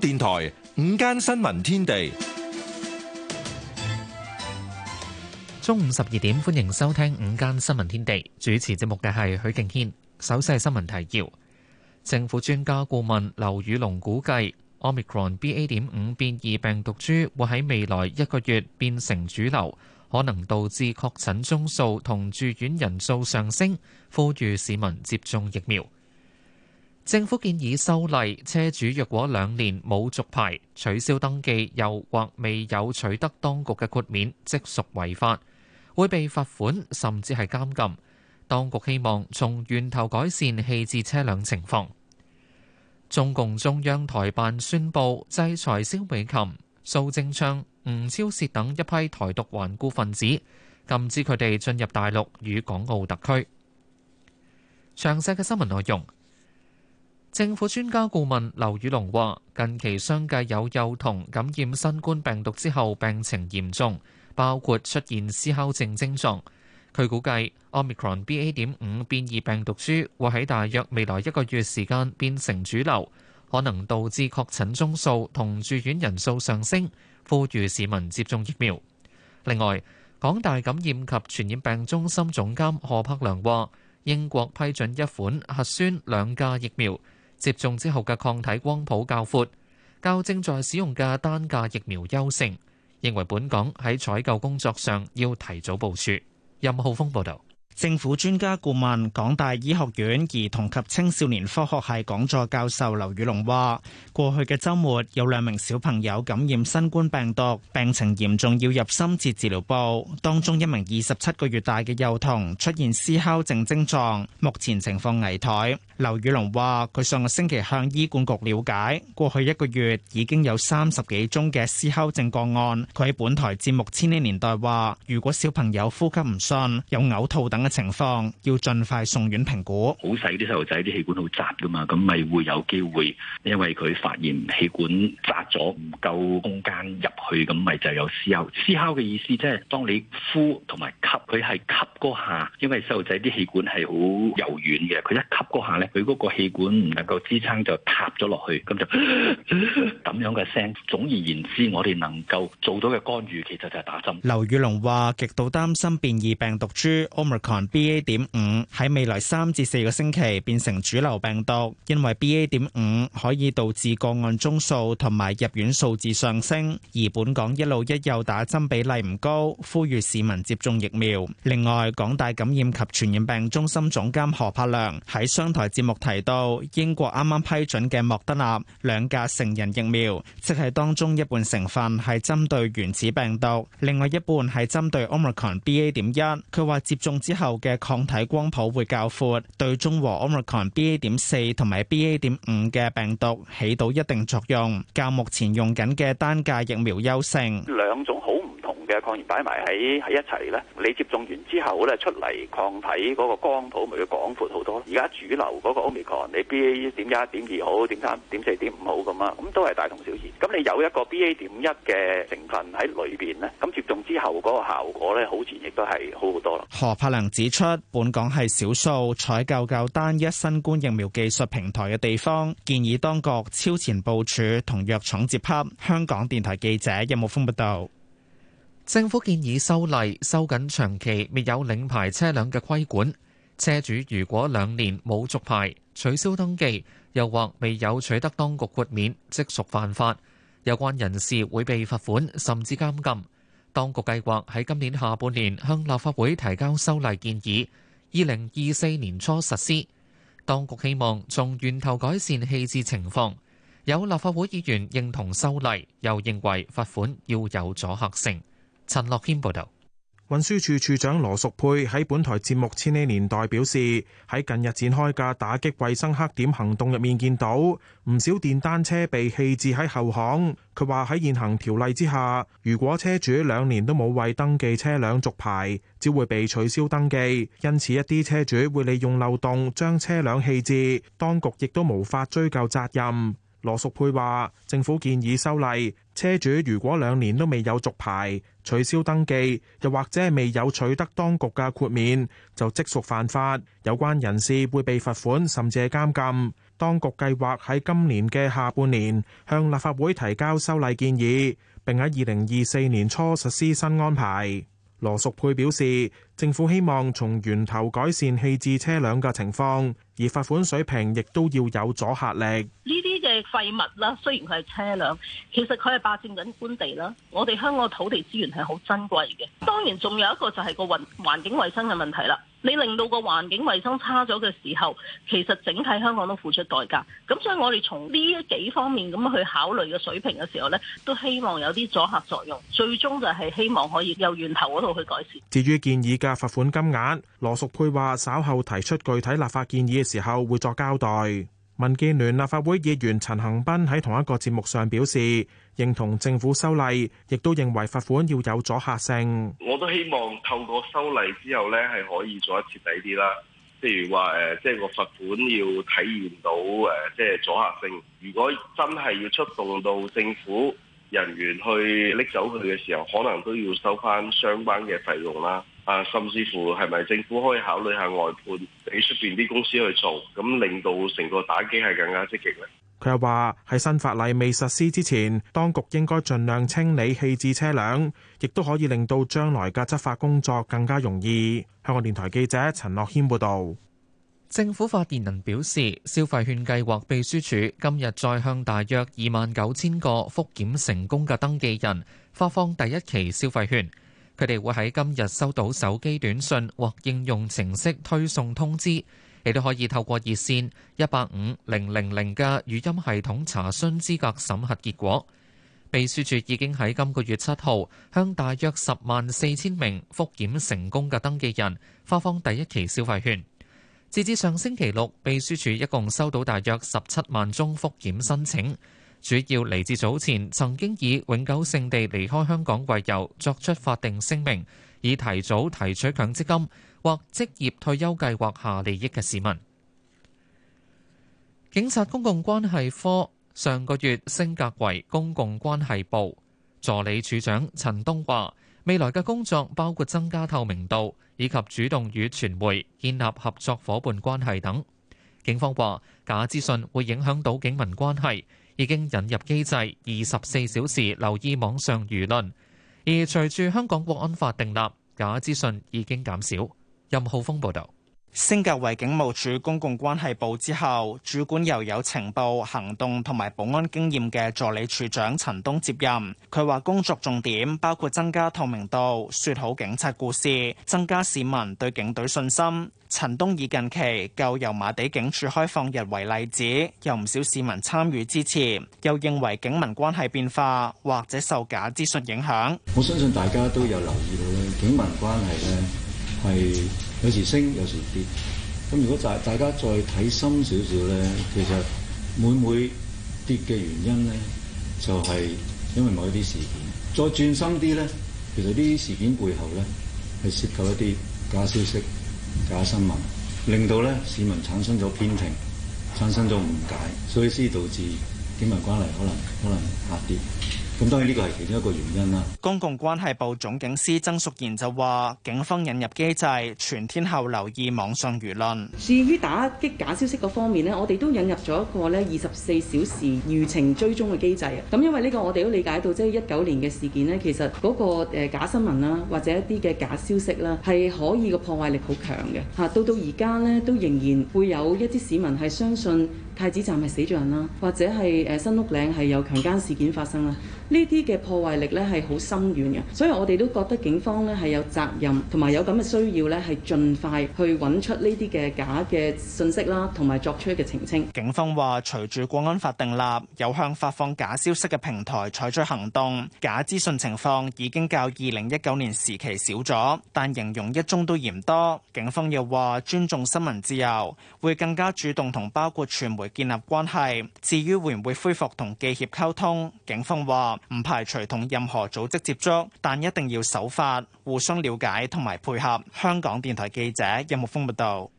電台午間新聞天地，中午十二點歡迎收聽午間新聞天地。主持節目嘅係許敬軒。首四新聞提要：政府專家顧問劉宇隆估計，omicron BA. 點五變異病毒株會喺未來一個月變成主流，可能導致確診宗數同住院人數上升，呼籲市民接種疫苗。政府建議修例，車主若果兩年冇續牌、取消登記，又或未有取得當局嘅豁免，即屬違法，會被罰款甚至係監禁。當局希望從源頭改善棄置車輛情況。中共中央台辦宣布制裁蕭美琴、蘇貞昌、吳釗燮等一批台獨頑固分子，禁止佢哋進入大陸與港澳特區。詳細嘅新聞內容。政府專家顧問劉宇龍話：近期相繼有幼童感染新冠病毒之後病情嚴重，包括出現思考症症狀。佢估計 Omicron BA. 點五變異病毒株會喺大約未來一個月時間變成主流，可能導致確診宗數同住院人數上升，呼籲市民接種疫苗。另外，港大感染及傳染病中心總監何柏良話：英國批准一款核酸兩價疫苗。接種之後嘅抗體光譜較闊，較正在使用嘅單價疫苗優勝，認為本港喺採購工作上要提早部署。任浩峰報導。政府專家顧問港大醫學院兒童及青少年科學系講座教授劉宇隆話：過去嘅週末有兩名小朋友感染新冠病毒，病情嚴重要入深切治，治療部。當中一名二十七個月大嘅幼童出現嘶哮症症狀，目前情況危殆。劉宇隆話：佢上個星期向醫管局了解，過去一個月已經有三十幾宗嘅嘶哮症個案。佢喺本台節目《千禧年，年代》話：如果小朋友呼吸唔順、有嘔吐等，情況要盡快送院評估，好使啲細路仔啲氣管好窄噶嘛，咁咪會有機會，因為佢發現氣管窄咗，唔夠空間入去，咁咪就有思考撕喉嘅意思，即係當你呼同埋吸，佢係吸嗰下，因為細路仔啲氣管係好柔軟嘅，佢一吸嗰下咧，佢嗰個氣管唔能夠支撐就塌咗落去，咁就咁樣嘅聲。總而言之，我哋能夠做到嘅干預，其實就係打針。劉宇龍話：極度擔心變異病毒株 omicron BA. 點五喺未來三至四個星期變成主流病毒，因為 BA. 點五可以導致個案宗數同埋入院數字上升，而本港一路一有打針比例唔高，呼籲市民接種疫苗。另外，港大感染及傳染病中心總監何柏良喺商台節目提到，英國啱啱批准嘅莫德納兩價成人疫苗，即係當中一半成分係針對原始病毒，另外一半係針對 Omicron BA. 點一。佢話接種之後，嘅抗體光譜會較闊，對中和 OmicronBA 點四同埋 BA 點五嘅病毒起到一定作用，較目前用緊嘅單價疫苗優勝。兩種。嘅抗原擺埋喺喺一齊咧，你接種完之後咧出嚟抗體嗰個光譜咪要廣闊好多。而家主流嗰個 Omicron，你 B A 點一、點二好、點三、點四、點五好咁啊，咁都係大同小異。咁你有一個 B A 點一嘅成分喺裏邊咧，咁接種之後嗰個效果咧，好似亦都係好好多啦。何柏良指出，本港係少數採購較單一新冠疫苗技術平台嘅地方，建議當局超前部署同藥廠接洽。香港電台記者任木峰報道。政府建議修例，收緊長期未有領牌車輛嘅規管。車主如果兩年冇續牌，取消登記，又或未有取得當局豁免，即屬犯法。有關人士會被罰款，甚至監禁。當局計劃喺今年下半年向立法會提交修例建議，二零二四年初實施。當局希望從源頭改善棄置情況。有立法會議員認同修例，又認為罰款要有阻嚇性。陳樂謙報道，運輸處處長羅淑佩喺本台節目《千禧年代》表示，喺近日展開嘅打擊衛生黑點行動入面，見到唔少電單車被棄置喺後巷。佢話喺現行條例之下，如果車主兩年都冇為登記車輛續牌，只會被取消登記。因此，一啲車主會利用漏洞將車輛棄置，當局亦都無法追究責任。羅淑佩話：政府建議修例，車主如果兩年都未有續牌，取消登記，又或者未有取得當局嘅豁免，就即屬犯法。有關人士會被罰款，甚至係監禁。當局計劃喺今年嘅下半年向立法會提交修例建議，並喺二零二四年初實施新安排。羅淑佩表示。政府希望從源頭改善棄置車輛嘅情況，而罰款水平亦都要有阻嚇力。呢啲嘅廢物啦，雖然佢係車輛，其實佢係霸佔緊官地啦。我哋香港土地資源係好珍貴嘅，當然仲有一個就係個環環境衞生嘅問題啦。你令到個環境衞生差咗嘅時候，其實整體香港都付出代價。咁所以我哋從呢幾方面咁去考慮嘅水平嘅時候呢，都希望有啲阻嚇作用。最終就係希望可以由源頭嗰度去改善。至於建議嘅罰款金額，羅淑佩話稍後提出具體立法建議嘅時候會作交代。民建聯立法會議員陳恒斌喺同一個節目上表示，認同政府修例，亦都認為罰款要有阻吓性。我都希望透過修例之後咧，係可以做得徹底啲啦。譬如話誒即係個罰款要體現到誒即係阻吓性。如果真係要出動到政府人員去拎走佢嘅時候，可能都要收翻相關嘅費用啦。啊，甚至乎係咪政府可以考慮下外判俾出邊啲公司去做，咁令到成個打擊係更加積極咧？佢又話，喺新法例未實施之前，當局應該盡量清理棄置車輛，亦都可以令到將來嘅執法工作更加容易。香港電台記者陳樂謙報道。政府發言人表示，消費券計劃秘書處今日再向大約二萬九千個復檢成功嘅登記人發放第一期消費券。佢哋會喺今日收到手機短信或應用程式推送通知，亦都可以透過熱線185000嘅語音系統查詢資格審核結果。秘書處已經喺今個月七號向大約十萬四千名復檢成功嘅登記人發放第一期消費券。截至上星期六，秘書處一共收到大約十七萬宗復檢申請。主要嚟自早前曾經以永久性地離開香港為由作出法定聲明，以提早提取強積金或職業退休計劃下利益嘅市民。警察公共關係科上個月升格為公共關係部，助理處長陳東華話：未來嘅工作包括增加透明度，以及主動與傳媒建立合作夥伴關係等。警方話假資訊會影響到警民關係。已經引入機制，二十四小時留意網上輿論，而隨住香港國安法訂立，假資訊已經減少。任浩峰報導。升格為警務處公共關係部之後，主管又有情報、行動同埋保安經驗嘅助理處長陳東接任。佢話工作重點包括增加透明度、說好警察故事、增加市民對警隊信心。陳東以近期舊油麻地警署開放日為例子，有唔少市民參與支持，又認為警民關係變化或者受假資訊影響。我相信大家都有留意到，警民關係咧。係有時升有時跌，咁如果大大家再睇深少少咧，其實每每跌嘅原因咧，就係因為某一啲事件。再轉深啲咧，其實呢啲事件背後咧係涉及一啲假消息、假新聞，令到咧市民產生咗偏聽，產生咗誤解，所以先導致警民關係可能可能下跌。咁當然呢個係其中一個原因啦。公共關係部總警司曾淑賢就話：警方引入機制，全天候留意網上輿論。至於打擊假消息嗰方面呢，我哋都引入咗一個咧二十四小時輿情追蹤嘅機制啊。咁因為呢個我哋都理解到，即係一九年嘅事件呢，其實嗰個假新聞啦，或者一啲嘅假消息啦，係可以個破壞力好強嘅。嚇，到到而家呢，都仍然會有一啲市民係相信。太子站係死咗人啦，或者係誒新屋嶺係有強姦事件發生啦，呢啲嘅破壞力咧係好深遠嘅，所以我哋都覺得警方咧係有責任同埋有咁嘅需要咧係盡快去搵出呢啲嘅假嘅信息啦，同埋作出嘅澄清。警方話，隨住《國安法》定立，有向發放假消息嘅平台採取行動，假資訊情況已經較二零一九年時期少咗，但形容一宗都嫌多。警方又話，尊重新聞自由，會更加主動同包括傳媒。建立關係。至於會唔會恢復同記協溝通，警方話唔排除同任何組織接觸，但一定要守法，互相了解同埋配合。香港電台記者任木峰報道。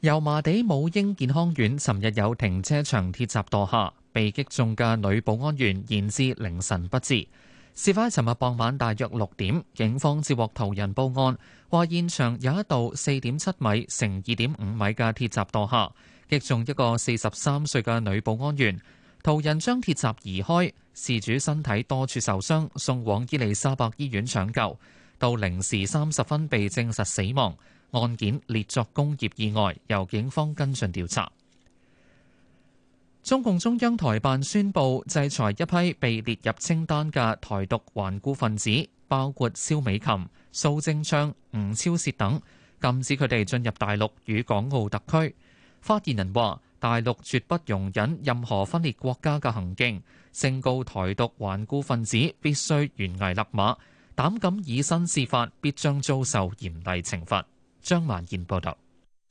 油麻地母嬰健康院尋日有停車場鐵閘墮下，被擊中嘅女保安員延至凌晨不治。事發喺尋日傍晚大約六點，警方接獲途人報案，話現場有一道四點七米乘二點五米嘅鐵閘墮下。擊中一個四十三歲嘅女保安員，途人將鐵閘移開，事主身體多處受傷，送往伊利沙伯醫院搶救，到零時三十分被證實死亡。案件列作工業意外，由警方跟進調查。中共中央台辦宣布制裁一批被列入清單嘅台獨頑固分子，包括蕭美琴、蘇貞昌、吳釗燮等，禁止佢哋進入大陸與港澳特區。發言人話：大陸絕不容忍任何分裂國家嘅行徑，聲告台獨頑固分子必須懸崖勒馬，膽敢以身試法，必將遭受嚴厲懲罰。張曼燕報道。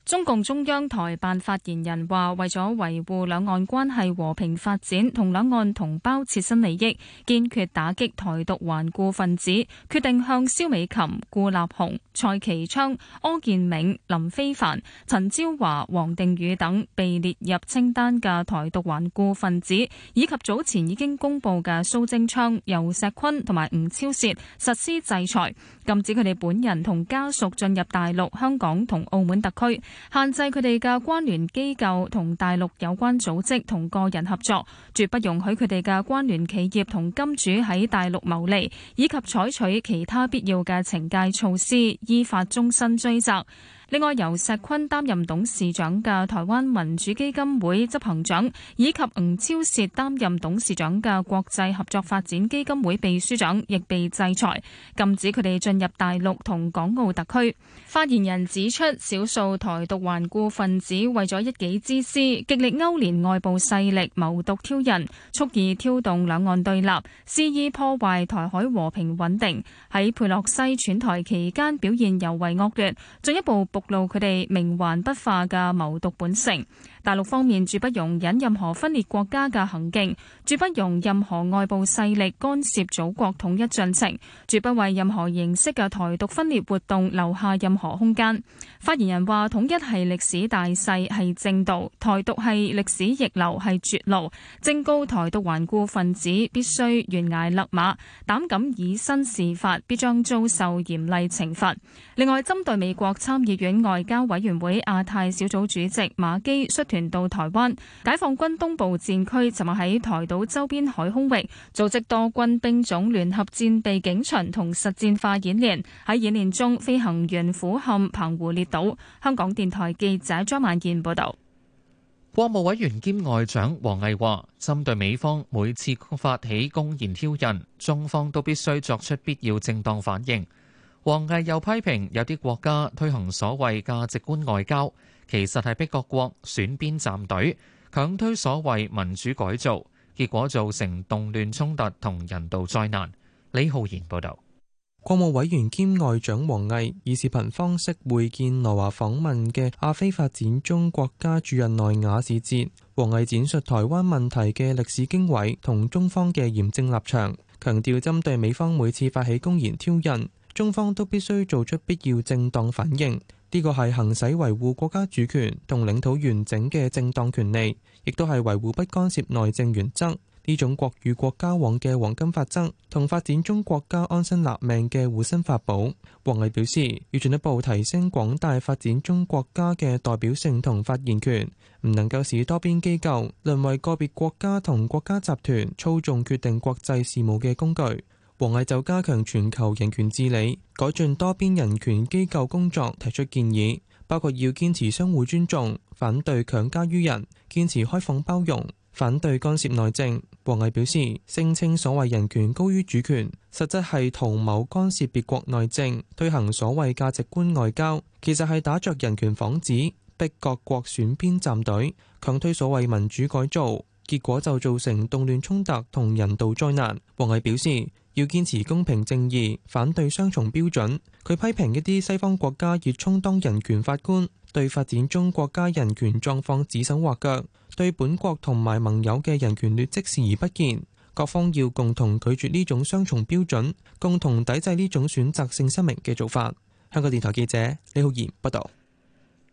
中共中央台辦發言人話：為咗維護兩岸關係和平發展同兩岸同胞切身利益，堅決打擊台獨頑固分子，決定向蕭美琴、顧立雄。蔡其昌、柯建銘、林飛帆、陳椒華、王定宇等被列入清單嘅台獨頑固分子，以及早前已經公布嘅蘇貞昌、游錫堃同埋吳釗燮實施制裁，禁止佢哋本人同家屬進入大陸、香港同澳門特區，限制佢哋嘅關聯機構同大陸有關組織同個人合作，絕不容許佢哋嘅關聯企業同金主喺大陸牟利，以及採取其他必要嘅懲戒措施。依法終身追責。另外，由石坤擔任董事長嘅台灣民主基金會執行長，以及吳釗燮擔任董事長嘅國際合作發展基金會秘書長，亦被制裁，禁止佢哋進入大陸同港澳特區。發言人指出，少數台獨頑固分子為咗一己之私，極力勾連外部勢力，謀獨挑釁，蓄意挑動兩岸對立，肆意破壞台海和平穩定。喺佩洛西竄台期間表現尤為惡劣，進一步，步。暴露佢哋冥頑不化嘅謀獨本性。大陸方面絕不容忍任何分裂國家嘅行徑，絕不容任何外部勢力干涉祖國統一進程，絕不為任何形式嘅台獨分裂活動留下任何空間。發言人話：統一係歷史大勢，係正道；台獨係歷史逆流，係絕路。正告台獨頑固分子必須懸崖勒馬，膽敢以身試法，必將遭受嚴厲懲罰。另外，針對美國參議院。外交委員會亞太小組主席馬基率團到台灣。解放軍東部戰區尋日喺台島周邊海空域組織多軍兵種聯合戰備警巡同實戰化演練。喺演練中，飛行員俯瞰澎湖列島。香港電台記者張萬健報道。國務委員兼外長王毅話，針對美方每次發起公然挑釁，中方都必須作出必要正當反應。王毅又批評有啲國家推行所謂價值觀外交，其實，係逼各國選邊站隊，強推所謂民主改造，結果造成動亂衝突同人道災難，李浩然報道。國務委員兼外長王毅以視頻方式會見來華訪問嘅亞非發展中國家駐日內瓦使節，王毅展述台灣問題嘅歷史經緯同中方嘅嚴正立場，強調針對美方每次發起公然挑釁，中方都必須做出必要正當反應，呢個係行使維護國家主權同領土完整嘅正當權利，亦都係維護不干涉內政原則呢種國與國交往嘅黃金法則同發展中國家安身立命嘅護身法寶。王毅表示，要進一步提升廣大發展中國家嘅代表性同發言權，唔能夠使多邊機構淪為個別國家同國家集團操縱決定國際事務嘅工具。王毅就加強全球人權治理、改進多邊人權機構工作提出建議，包括要堅持相互尊重、反對強加於人、堅持開放包容、反對干涉內政。王毅表示，聲稱所謂人權高於主權，實質係圖謀干涉別國內政、推行所謂價值觀外交，其實，係打着人權幌子，逼各國選邊站隊，強推所謂民主改造。結果就造成動亂衝突同人道災難。王毅表示，要堅持公平正義，反對雙重標準。佢批評一啲西方國家熱衷當人權法官，對發展中國家人權狀況指手畫腳，對本國同埋盟友嘅人權劣跡視而不見。各方要共同拒絕呢種雙重標準，共同抵制呢種選擇性失明嘅做法。香港電台記者李浩然報道。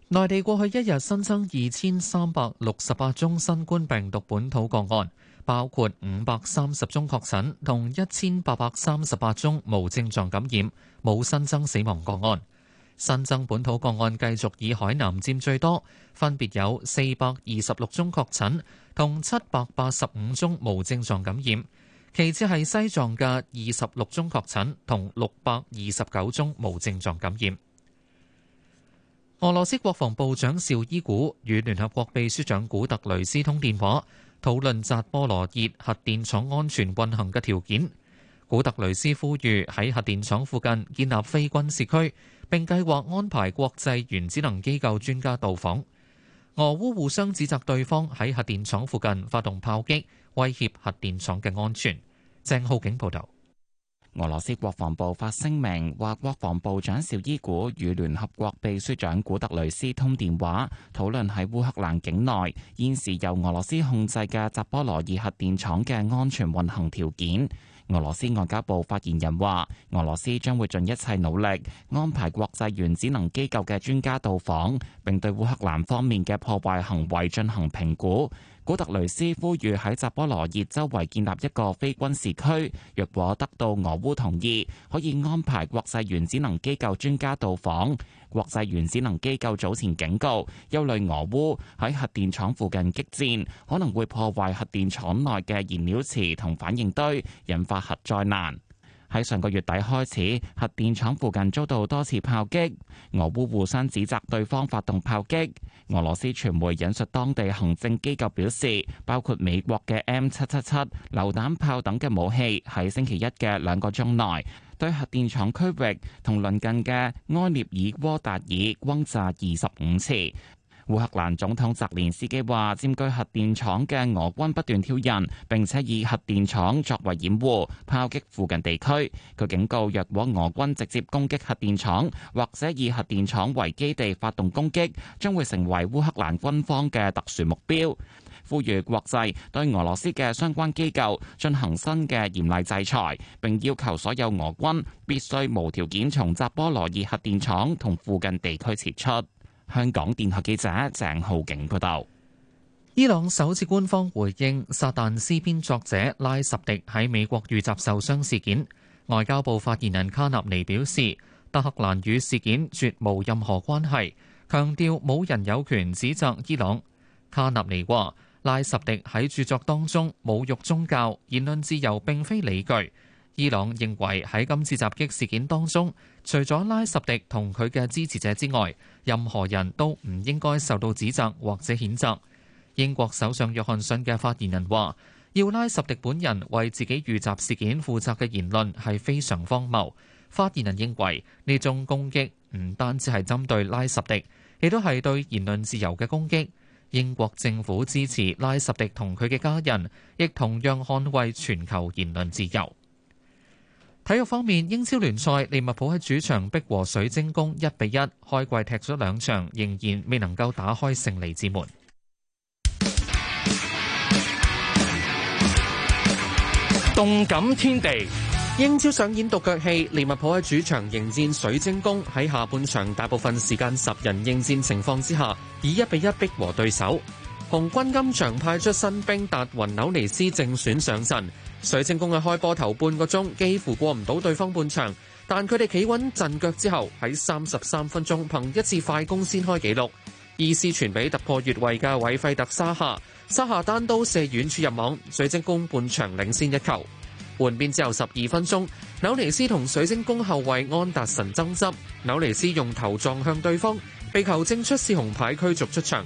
內地過去一日新增二千三百六十八宗新冠病毒本土個案，包括五百三十宗確診同一千八百三十八宗無症狀感染，冇新增死亡個案。新增本土個案繼續以海南佔最多，分別有四百二十六宗確診同七百八十五宗無症狀感染，其次係西藏嘅二十六宗確診同六百二十九宗無症狀感染。俄羅斯國防部長紹伊古與聯合國秘書長古特雷斯通電話，討論扎波羅熱核電廠安全運行嘅條件。古特雷斯呼籲喺核電廠附近建立非軍事區，並計劃安排國際原子能機構專家到訪。俄烏互相指責對方喺核電廠附近發動炮擊，威脅核電廠嘅安全。鄭浩景報道。俄羅斯國防部發聲明話，國防部長紹伊古與聯合國秘書長古特雷斯通電話，討論喺烏克蘭境內現時由俄羅斯控制嘅扎波羅熱核電廠嘅安全運行條件。俄羅斯外交部發言人話：俄羅斯將會盡一切努力安排國際原子能機構嘅專家到訪，並對烏克蘭方面嘅破壞行為進行評估。古特雷斯呼籲喺扎波羅熱周圍建立一個非軍事區，若果得到俄烏同意，可以安排國際原子能機構專家到訪。國際原子能機構早前警告，憂慮俄烏喺核電廠附近激戰，可能會破壞核電廠內嘅燃料池同反應堆，引發核災難。喺上個月底開始，核電廠附近遭到多次炮擊。俄烏互相指責對方發動炮擊。俄羅斯傳媒引述當地行政機構表示，包括美國嘅 M 七七七榴彈炮等嘅武器，喺星期一嘅兩個鐘內對核電廠區域同鄰近嘅埃涅爾窩達爾轟炸二十五次。烏克蘭總統澤連斯基話，佔據核電廠嘅俄軍不斷挑釁，並且以核電廠作為掩護，炮擊附近地區。佢警告，若果俄軍直接攻擊核電廠，或者以核電廠為基地發動攻擊，將會成為烏克蘭軍方嘅特殊目標。呼籲國際對俄羅斯嘅相關機構進行新嘅嚴厲制裁，並要求所有俄軍必須無條件從扎波羅熱核電廠同附近地區撤出。香港電台記者鄭浩景報道，伊朗首次官方回應《撒旦詩篇》作者拉什迪喺美國遇襲受傷事件。外交部發言人卡納尼表示，德克蘭與事件絕無任何關係，強調冇人有權指責伊朗。卡納尼話，拉什迪喺著作當中侮辱宗教，言論自由並非理據。伊朗認為喺今次襲擊事件當中，除咗拉什迪同佢嘅支持者之外，任何人都唔應該受到指責或者譴責。英國首相約翰遜嘅發言人話，要拉什迪本人為自己遇襲事件負責嘅言論係非常荒謬。發言人認為呢宗攻擊唔單止係針對拉什迪，亦都係對言論自由嘅攻擊。英國政府支持拉什迪同佢嘅家人，亦同樣捍衛全球言論自由。體育方面，英超聯賽利物浦喺主場逼和水晶宮一比一。開季踢咗兩場，仍然未能夠打開勝利之門。動感天地，英超上演獨腳戲，利物浦喺主場迎戰水晶宮。喺下半場大部分時間十人應戰情況之下，以一比一逼和對手。紅軍今場派出新兵達雲紐尼斯正選上陣，水晶宮嘅開波頭半個鐘幾乎過唔到對方半場，但佢哋企穩陣腳之後，喺三十三分鐘憑一次快攻先開紀錄，意思傳俾突破越位嘅韋費特沙夏，沙夏單刀射遠處入網，水晶宮半場領先一球。換邊之後十二分鐘，紐尼斯同水晶宮後衛安達臣爭執，紐尼斯用頭撞向對方，被球證出示紅牌驅逐出場。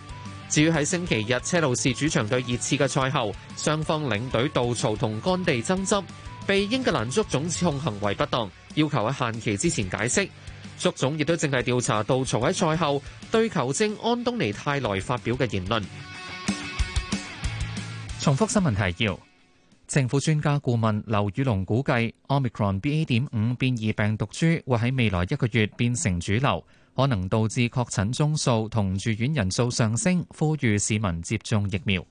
至於喺星期日，車路士主場對熱刺嘅賽後，雙方領隊杜曹同干地爭執，被英格蘭足總指控行為不當，要求喺限期之前解釋。足總亦都正係調查杜曹喺賽後對球證安東尼泰來發表嘅言論。重複新聞提要：政府專家顧問劉宇龍估計，Omicron BA. 點五變異病毒株會喺未來一個月變成主流。可能導致確診宗數同住院人數上升，呼籲市民接種疫苗。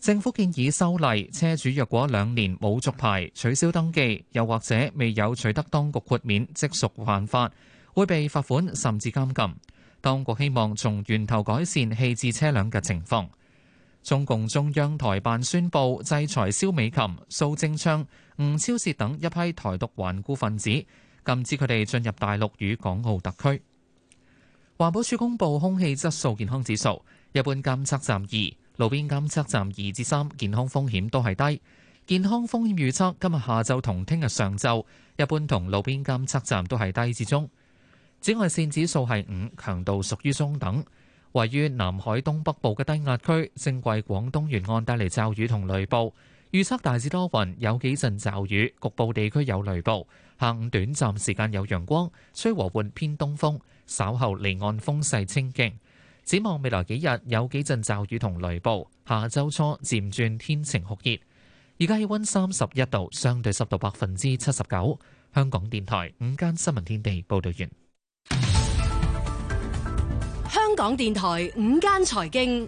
政府建議修例，車主若果兩年冇續牌，取消登記，又或者未有取得當局豁免，即屬犯法，會被罰款甚至監禁。當局希望從源頭改善棄置車輛嘅情況。中共中央台辦宣布制裁蕭美琴、蘇貞昌、吳釗燮等一批台獨頑固分子，禁止佢哋進入大陸與港澳特區。環保署公布空氣質素健康指數，一般監測站二，路邊監測站二至三，3，健康風險都係低。健康風險預測今日下晝同聽日上晝，一般同路邊監測站都係低至中。紫外線指數係五，強度屬於中等。位於南海東北部嘅低壓區正為廣東沿岸帶嚟驟雨同雷暴。預測大致多雲，有幾陣驟雨，局部地區有雷暴。下午短暫時間有陽光，吹和緩偏東風，稍後離岸風勢清勁。展望未來幾日有幾陣驟雨同雷暴，下周初漸轉天晴酷熱。而家氣温三十一度，相對濕度百分之七十九。香港電台，午間新聞天地報道完。香港電台午間財經。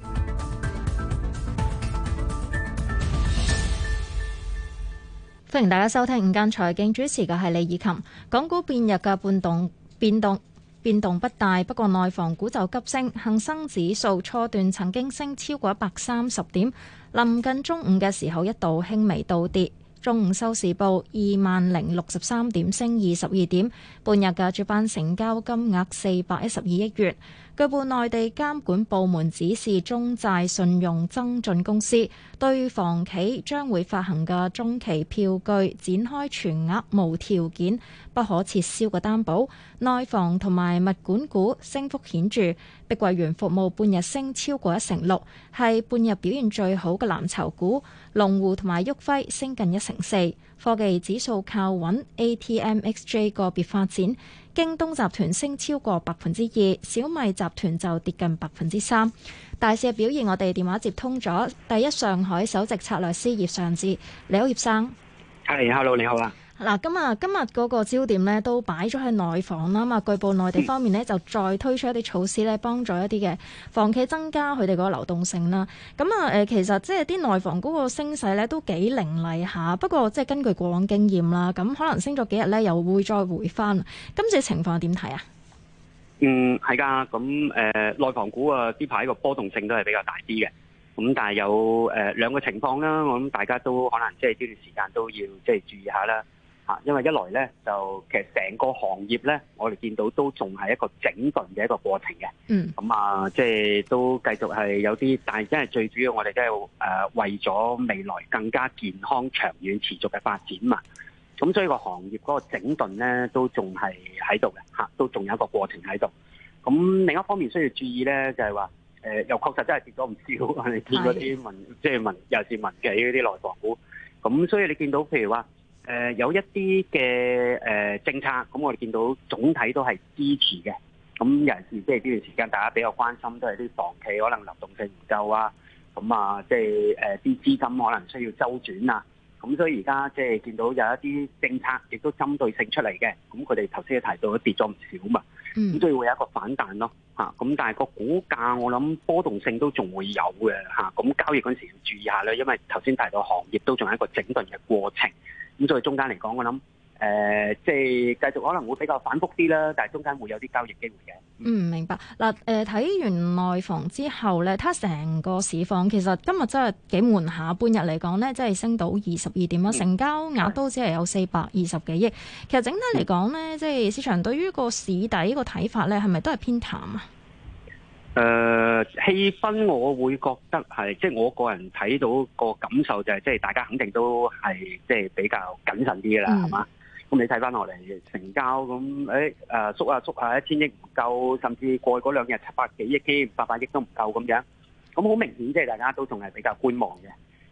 歡迎大家收聽午間財經，主持嘅係李以琴。港股半日嘅變動變動變動不大，不過內房股就急升，恒生指數初段曾經升超過一百三十點，臨近中午嘅時候一度輕微倒跌。中午收市報二萬零六十三點，升二十二點。半日嘅主板成交金額四百一十二億元。據報，內地監管部門指示中債信用增進公司對房企將會發行嘅中期票據展開全額無條件、不可撤銷嘅擔保。內房同埋物管股升幅顯著，碧桂園服務半日升超過一成六，係半日表現最好嘅藍籌股。龍湖同埋旭輝升近一成四。科技指數靠穩，ATM XJ 個別發展。京東集團升超過百分之二，小米集團就跌近百分之三。大市表現，我哋電話接通咗第一上海首席策略師葉尚志，Hello，你好葉生。h e l l o 你好啊。嗱、啊，今日今日嗰個焦點咧都擺咗喺內房啦嘛，據報內地方面咧就再推出一啲措施咧，幫助一啲嘅房企增加佢哋嗰個流動性啦。咁啊，誒，其實即係啲內房嗰個升勢咧都幾凌厲下。不過即係根據過往經驗啦，咁可能升咗幾日咧又會再回翻。今次情況點睇啊？嗯，係噶，咁誒，內、呃、房股啊，呢排個波動性都係比較大啲嘅。咁但係有誒兩、呃、個情況啦，我諗大家都可能即係呢段時間都要即係注意下啦。啊，因為一來咧，就其實成個行業咧，我哋見到都仲係一個整頓嘅一個過程嘅。嗯。咁、嗯、啊，即、就、係、是、都繼續係有啲，但係真係最主要我、就是，我哋都係誒為咗未來更加健康、長遠、持續嘅發展嘛。咁所以個行業嗰個整頓咧，都仲係喺度嘅，嚇、啊，都仲有一個過程喺度。咁另一方面需要注意咧，就係話誒，又確實真係跌咗唔少，你的見嗰啲民即係民又是民企嗰啲內房股。咁所以你見到譬如話。誒有一啲嘅誒政策，咁我哋見到總體都係支持嘅。咁尤其係，即係呢段時間，大家比較關心都係啲房企可能流動性唔夠啊。咁啊，即係誒啲資金可能需要周轉啊。咁所以而家即係見到有一啲政策亦都針對性出嚟嘅。咁佢哋頭先提到跌咗唔少嘛，咁都要會有一個反彈咯。嚇、啊！咁但係個股價我諗波動性都仲會有嘅嚇。咁、啊、交易嗰陣時要注意下咧，因為頭先提到行業都仲係一個整頓嘅過程。咁在中間嚟講，我諗誒，即係繼續可能會比較反覆啲啦，但係中間會有啲交易機會嘅。嗯，明白。嗱，誒睇完內房之後咧，睇成個市況，其實今日真係幾悶，下半日嚟講咧，即係升到二十二點啦，成交額都只係有四百二十幾億。其實整體嚟講咧，即係市場對於個市底個睇法咧，係咪都係偏淡啊？誒，氣、uh, 氛我會覺得係，即、就、係、是、我個人睇到個感受就係、是，即、就、係、是、大家肯定都係即係比較謹慎啲噶啦，係嘛、mm.？咁你睇翻落嚟成交咁，誒，誒、哎，縮、呃、下縮下，一千億唔夠，甚至過去嗰兩日七百幾億添，八百億都唔夠咁樣，咁好明顯即係大家都仲係比較觀望嘅，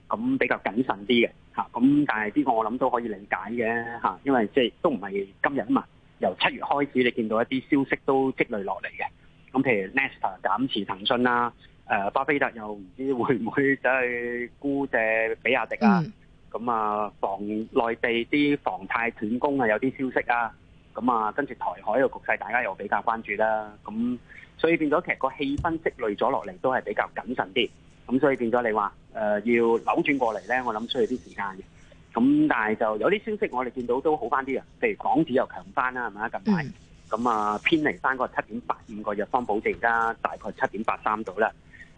咁比較謹慎啲嘅，吓、啊，咁但係呢個我諗都可以理解嘅，吓、啊，因為即係都唔係今日啊嘛，由七月開始你見到一啲消息都積累落嚟嘅。咁譬如 Nestle 減持騰訊啦、啊，誒巴菲特又唔知會唔會走去沽借比亞迪啊，咁、嗯、啊房內地啲房貸斷供啊有啲消息啊，咁啊跟住台海個局勢大家又比較關注啦、啊，咁所以變咗其實個氣氛積累咗落嚟都係比較謹慎啲。咁所以變咗你話誒、呃、要扭轉過嚟咧，我諗需要啲時間嘅，咁但係就有啲消息我哋見到都好翻啲啊，譬如港紙又強翻啦，係咪啊近排？嗯咁啊，偏離返個七點八五個弱方保證，而家大概七點八三度啦。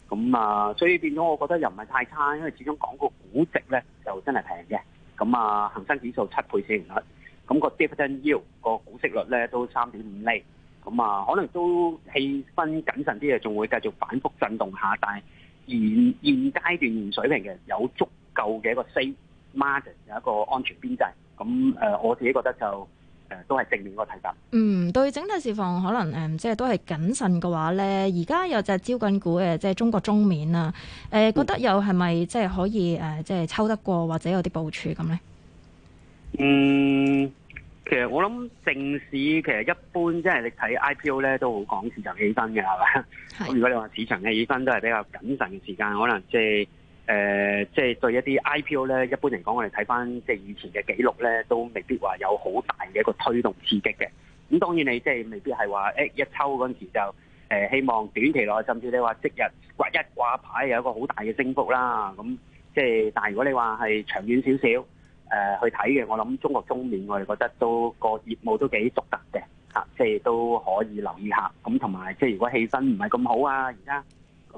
咁啊，所以變咗，我覺得又唔係太差，因為始終講個估值咧，就真係平嘅。咁啊，恒生指數七倍市盈率，咁個 Dividend Yield 個股息率咧都三點五厘。咁啊，可能都氣氛謹慎啲啊，仲會繼續反覆震動下，但係現現階段現水平嘅有足夠嘅一個 safe margin 有一個安全邊際。咁誒、啊，我自己覺得就。誒，都係正面個睇法。嗯，對整體市況可能誒，即係都係謹慎嘅話咧，而家有隻招緊股嘅，即係中國中免啊。誒、欸，覺得又係咪即係可以誒，即係抽得過或者有啲部署咁咧？嗯，其實我諗，正市其實一般，即係你睇 IPO 咧，都好講市場氣氛嘅係嘛。係是，如果你話市場嘅氣氛都係比較謹慎嘅時間，可能即係。誒，即係、呃就是、對一啲 IPO 咧，一般嚟講，我哋睇翻即係以前嘅記錄咧，都未必話有好大嘅一個推動刺激嘅。咁當然你即係未必係話誒一抽嗰陣時就誒、呃、希望短期內，甚至你話即日掛一掛牌有一個好大嘅升幅啦。咁即係但係如果你話係長遠少少誒去睇嘅，我諗中國中免我哋覺得都個業務都幾獨特嘅嚇，即、啊、係、就是、都可以留意下。咁同埋即係如果氣氛唔係咁好啊，而家。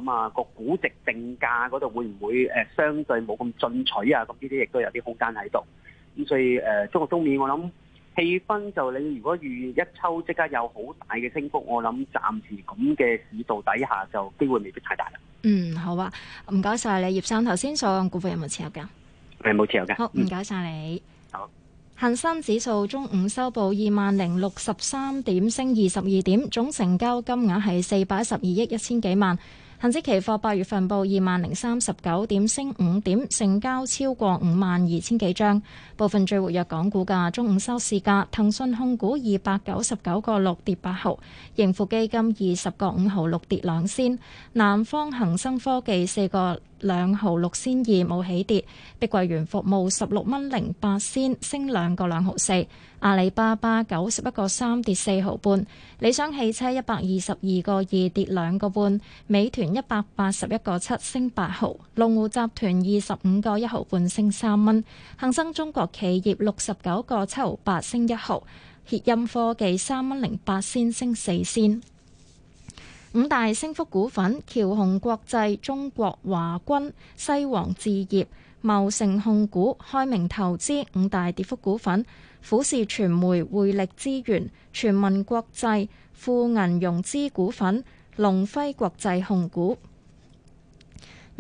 咁啊，個估值定價嗰度會唔會誒相對冇咁進取啊？咁呢啲亦都有啲空間喺度。咁所以誒、呃，中國中免，我諗氣氛就你如果預一抽即刻有好大嘅升幅，我諗暫時咁嘅市道底下就機會未必太大啦。嗯，好啊，唔該晒你，葉生頭先所講股份有冇持有嘅？誒，冇持有嘅。好，唔該晒你。好，好，恆生指數中午收報二萬零六十三點，升二十二點，總成交金額係四百一十二億一千幾萬。恒指期貨八月份報二萬零三十九點，升五點，成交超過五萬二千幾張。部分最活躍港股價中午收市價，騰訊控股二百九十九個六跌八毫，盈富基金二十個五毫六跌兩仙，南方恒生科技四個兩毫六仙二冇起跌，碧桂園服務十六蚊零八仙升兩個兩毫四，阿里巴巴九十一個三跌四毫半，理想汽車一百二十二個二跌兩個半，美團一百八十一個七升八毫，龍湖集團二十五個一毫半升三蚊，恒生中國企業六十九個七毫八升一毫，協鑫科技三蚊零八仙升四仙。五大升幅股份：僑鴻國際、中國華君、西王置業、茂盛控股、開明投資；五大跌幅股份：虎視傳媒、匯力資源、全民國際、富銀融資股份、龍輝國際控股。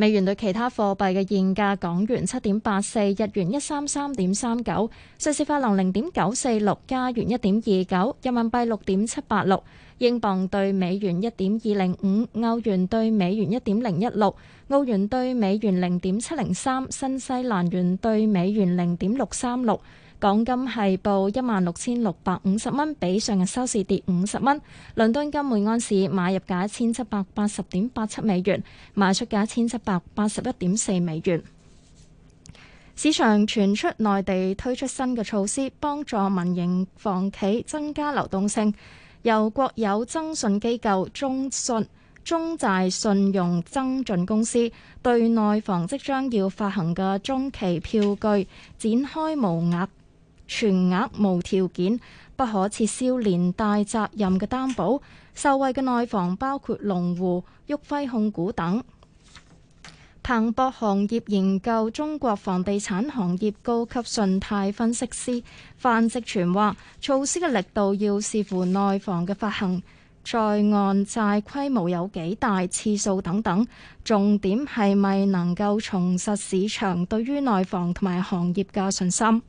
美元兌其他貨幣嘅現價：港元七點八四，日元一三三點三九，瑞士法郎零點九四六，加元一點二九，人民幣六點七八六，英鎊對美元一點二零五，歐元對美元一點零一六，澳元對美元零點七零三，新西蘭元對美元零點六三六。港金係報一萬六千六百五十蚊，比上日收市跌五十蚊。倫敦金每安士買入價一千七百八十點八七美元，賣出價一千七百八十一點四美元。市場傳出內地推出新嘅措施，幫助民營房企增加流動性。由國有增信機構中信中債信用增進公司對內房即將要發行嘅中期票據展開無額全額無條件、不可撤銷連帶責任嘅擔保，受惠嘅內房包括龍湖、旭輝控股等。彭博行業研究中國房地產行業高級信貸分析師范植傳話，措施嘅力度要視乎內房嘅發行在岸債規模有幾大、次數等等，重點係咪能夠重拾市場對於內房同埋行業嘅信心。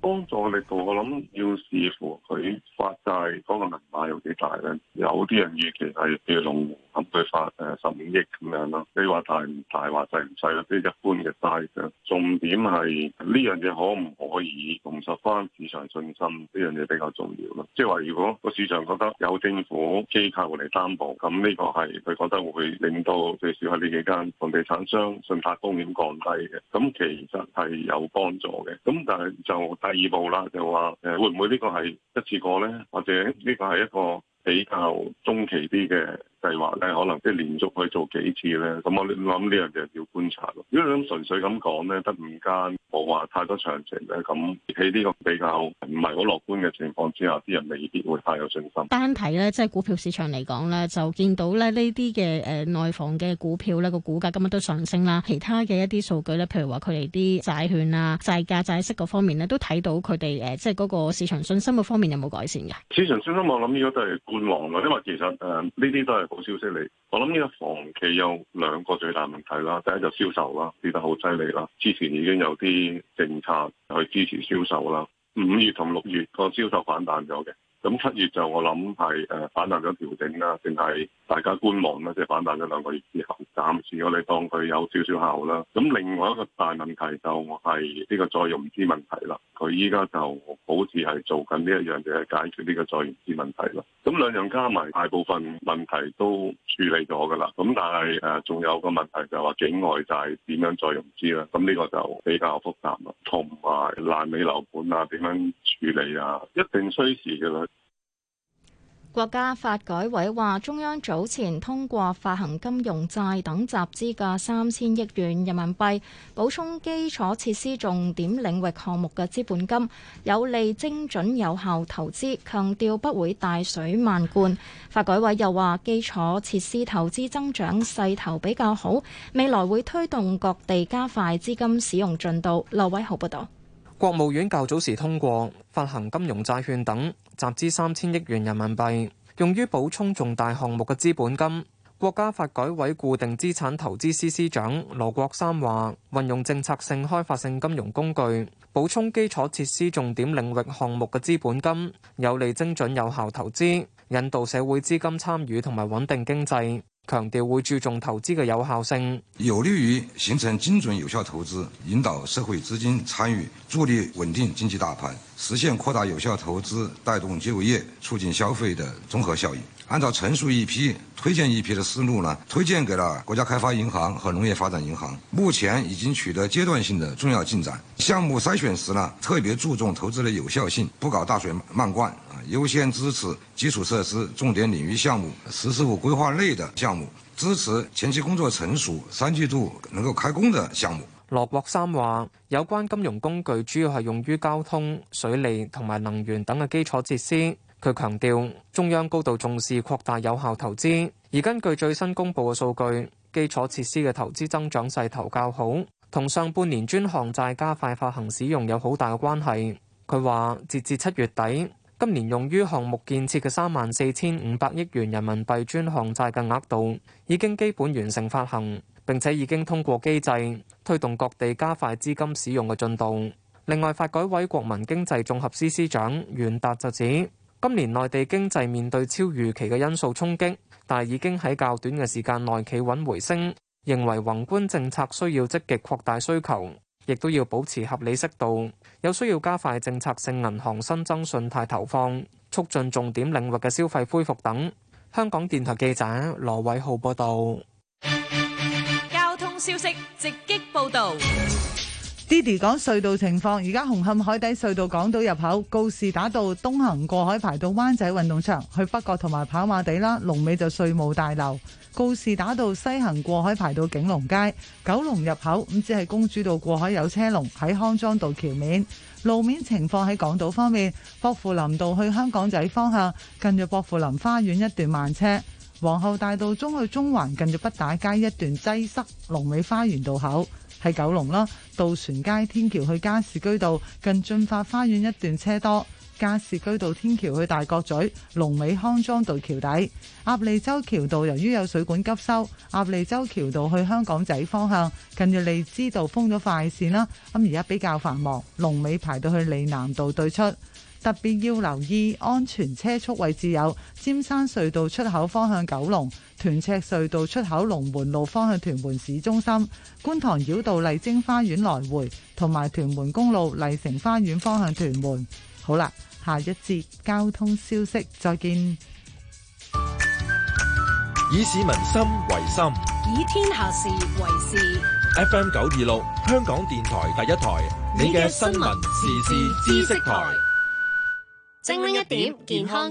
幫助力度我諗要視乎佢發債嗰個面額有幾大嘅，有啲人預期係譬如龍和佢發誒十五億咁樣咯，你話大唔大，話細唔細咯，即係一般嘅 size。重點係呢樣嘢可唔可以重拾翻市場信心，呢樣嘢比較重要咯。即係話如果個市場覺得有政府機構嚟擔保，咁呢個係佢覺得會令到最少喺呢幾間房地產商信貸風險降低嘅，咁其實係有幫助嘅。咁但係就。第二步啦，就話誒，會唔會呢個係一次過咧？或者呢個係一個比較中期啲嘅。計劃咧，可能即係連續去做幾次咧，咁我諗呢樣嘢要觀察咯。如果你咁純粹咁講咧，得五間，冇話太多詳情咧，咁喺呢個比較唔係好樂觀嘅情況之下，啲人未必會太有信心。單睇咧，即係股票市場嚟講咧，就見到咧呢啲嘅誒內房嘅股票咧個股價今日都上升啦。其他嘅一啲數據咧，譬如話佢哋啲債券啊、債價、債息嗰方面咧，都睇到佢哋誒即係嗰個市場信心嘅方面有冇改善㗎？市場信心我諗呢個都係觀望咯，因為其實誒呢啲都係。好消息嚟，我諗呢個房企有兩個最大問題啦，第一就銷售啦，跌得好犀利啦，之前已經有啲政策去支持銷售啦，五月同六月個銷售反彈咗嘅。咁七月就我諗係誒反彈咗調整啦，定係大家觀望啦，即係反彈咗兩個月之後，暫時我哋當佢有少少效啦。咁另外一個大問題就係呢個再融資問題啦，佢依家就好似係做緊呢一樣嘢，解決呢個再融資問題啦。咁兩樣加埋，大部分問題都處理咗噶啦。咁但係誒仲有個問題就係話，境外債點樣再融資啦，咁呢個就比較複雜啦。同埋爛尾樓盤啊，點樣處理啊？一定需時嘅啦。國家發改委話，中央早前通過發行金融債等集資嘅三千億元人民幣，補充基礎設施重點領域項目嘅資本金，有利精準有效投資。強調不會大水漫灌。發改委又話，基礎設施投資增長勢頭比較好，未來會推動各地加快資金使用進度。劉偉豪報道。國務院較早時通過發行金融債券等集資三千億元人民幣，用於補充重大項目嘅資本金。國家發改委固定資產投資司司長羅國三話：運用政策性、開發性金融工具，補充基礎設施重點領域項目嘅資本金，有利精準有效投資，引導社會資金參與，同埋穩定經濟。強調會注重投資嘅有效性，有利於形成精準有效投資，引導社會資金參與，助力穩定經濟大盤，實現擴大有效投資，帶動就業，促進消費的綜合效益。按照成熟一批、推薦一批的思路呢，推薦給了國家開發銀行和農業發展銀行，目前已經取得階段性的重要進展。項目篩選時呢，特別注重投資的有效性，不搞大水漫灌啊，優先支持基礎設施重點領域項目、十四五規劃內的項目，支持前期工作成熟、三季度能夠開工的項目。羅國三話：有關金融工具主要係用於交通、水利同埋能源等嘅基礎設施。佢強調，中央高度重視擴大有效投資，而根據最新公布嘅數據，基礎設施嘅投資增長勢頭較好，同上半年專項債加快發行使用有好大嘅關係。佢話：截至七月底，今年用於項目建設嘅三萬四千五百億元人民幣專項債嘅額度已經基本完成發行，並且已經通過機制推動各地加快資金使用嘅進度。另外，發改委國民經濟綜合司司長袁達就指。今年內地經濟面對超預期嘅因素衝擊，但已經喺較短嘅時間內企穩回升。認為宏觀政策需要積極擴大需求，亦都要保持合理適度。有需要加快政策性銀行新增信貸投放，促進重點領域嘅消費恢復等。香港電台記者羅偉浩報道。交通消息直擊報導。Didi 講隧道情況，而家紅磡海底隧道港島入口告士打道東行過海排到灣仔運動場，去北角同埋跑馬地啦，龍尾就稅務大樓。告士打道西行過海排到景隆街，九龍入口咁只係公主道過海有車龍，喺康莊道橋面。路面情況，喺港島方面，薄扶林道去香港仔方向近住薄扶林花園一段慢車，皇后大道中去中環近住北打街一段擠塞，龍尾花園道口。喺九龍啦，渡船街天橋去加士居道近駿發花園一段車多,加士居道天橋去大角咀，龍尾康莊道橋底，鴨脷洲橋道由於有水管急修，鴨脷洲橋道去香港仔方向近住利枝道封咗快綫啦，咁而家比較繁忙，龍尾排到去利南道對出。特別要留意安全車速位置，有尖山隧道出口方向九龍，屯赤隧道出口龍門路方向屯門市中心，觀塘繞道麗晶花園來回同埋屯門公路麗城花園方向屯門。好啦，下一節交通消息，再見。以市民心為心，以天下事為事。FM 九二六，香港電台第一台，你嘅新聞時事知識台。精靈一點，健康。